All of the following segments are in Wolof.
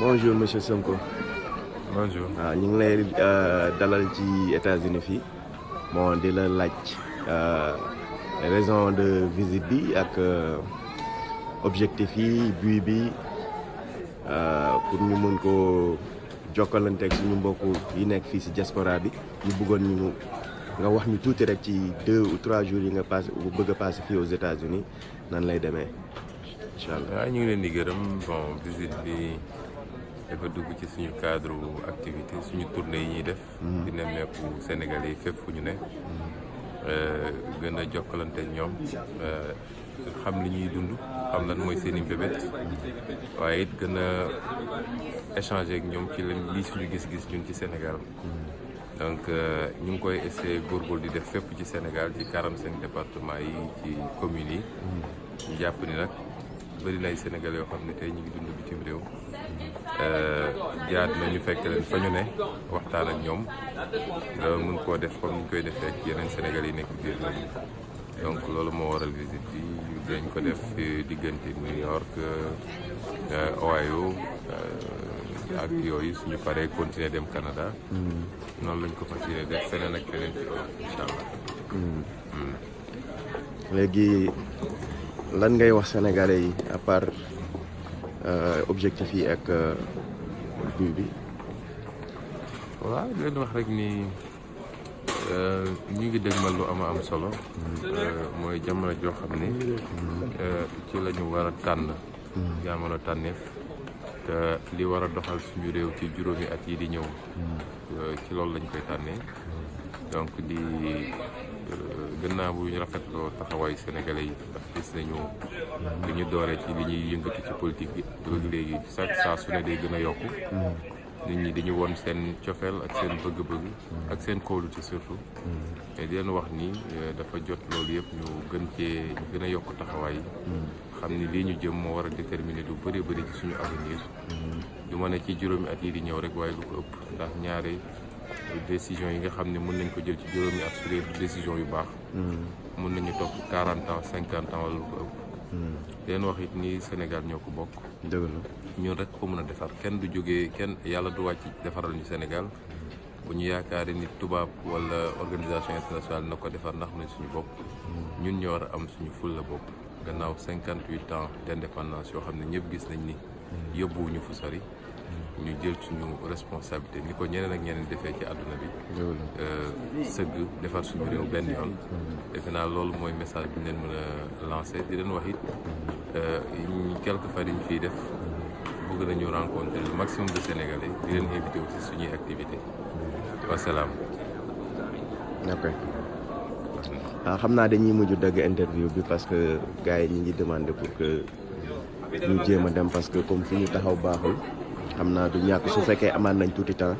bonjour monsieur Sonko. bonjour ah, Nous euh, sommes États-Unis la euh, raison de visite bi ak euh, objectif pour ñu nous puissions jokkalante ak yi diaspora nous ñu ñu deux ou trois jours passé aux États-Unis nan lay demain. incha visite dafa dugg ci suñu cadre activité suñu tournée yi ñuy def. Mm-hmm. di nemmeeku sénégal yi fépp fu ñu ne. Mm-hmm. Euh, gën a jokkalante ñoom euh, xam ni ñuy dund xam lan mooy seen i mbébét mm-hmm. waaye it gën a échanger ñoom ci leen lii suñu gis-gis ñun ci Sénégal. donc euh, ñu ngi koy essayer góorgóorlu di def fépp ci Sénégal ci quarante-cinq départements yi ci communes yi. ñu jàpp ni nag. bëri na sénégalais yoo xam ne tey ngi dund bitim réew euh, jaat nañu fekk leen fa ñu ne waxtaan ak ñoom nga mun koo def comme ñu koy defee ak yeneen sénégalais nekk biir réew donc waral visite bi ñu dañ ko def New York euh, Ohio euh, ak yooyu suñu paree continuer dem Canada. Hmm. noonu lañ ko fas yéene def feneen ak lan ngay wax sénégalais yi à part euh, objectif yi ak euh, but bi. waaw leen wax rek ni euh, ñu ngi ma lu am am solo. mooy jamono joo xam ne. ci la ñu war a tànn. jamono tànneef. te li war a doxal suñu réew ci juróomi at yi di ñëw. ci loolu lañ koy tànnee. donc di. gën naa bu ñu rafetloo taxawaayu sénégalais yi ndax gis nañu li ñu doore ci li ñuy yëngatu ci politique bi léegi chaque saa su ne day gën a yokk mm. nit ñi dañu woon seen cofeel ak seen bëgg-bëgg ak seen ci surtout mais mm. di wax ni euh, dafa jot loolu yëpp ñu gën cee ñu gën a yokk taxawaay mm. xam ni lii ñu jëm moo war a déterminer lu bëri bëri ci suñu avenir du ma ne ci juróomi at yi di ñëw rek waaye lu ko ëpp ndax ñaare décision yi nga xam ne mën nañ ko jël ci juróomi at su dee décision yu baax. Mm-hmm. mën nañu topp quarante ans cinquante ans mm-hmm. leen wax it ni Sénégal ñoo ko bokk. dëgg la ñun rek ko mën a defar kenn du jóge kenn yàlla du wàcc defaral ñu Sénégal mm-hmm. bu ñu yaakaaree nit tubaab wala organisation internationale na ko defar ndax nañ suñu bopp. ñun ñoo war a am suñu fulla bopp gannaaw cinquante huit ans d' indépendance yoo xam ne ñëpp gis nañ ni. yóbbuwuñu fu sori. ñu jël suñu responsabilité ni ko ñeneen ak ñeneen defee ci àdduna bi euh, sëgg defar suñu réew benn yoon mm-hmm. defe naa loolu mooy message bi ñu leen mën a lancé di leen wax it mm-hmm. euh, quelques fois dañ fiy def mm-hmm. bëgg nañu rencontrer le maximum de Sénégalais di leen invité aussi suñuy activité wasalaam ok waaw ah, xam naa ñuy mujj dagg interview bi parce que gars yi ñi ngi demandé pour que ñu jéem a dem parce que comme fi ñu taxaw baaxul am naa du ñàkk su fekkee amaan nañ tuuti temps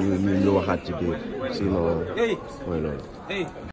ñu ñu waxaat ci biir sinon mooy loolu.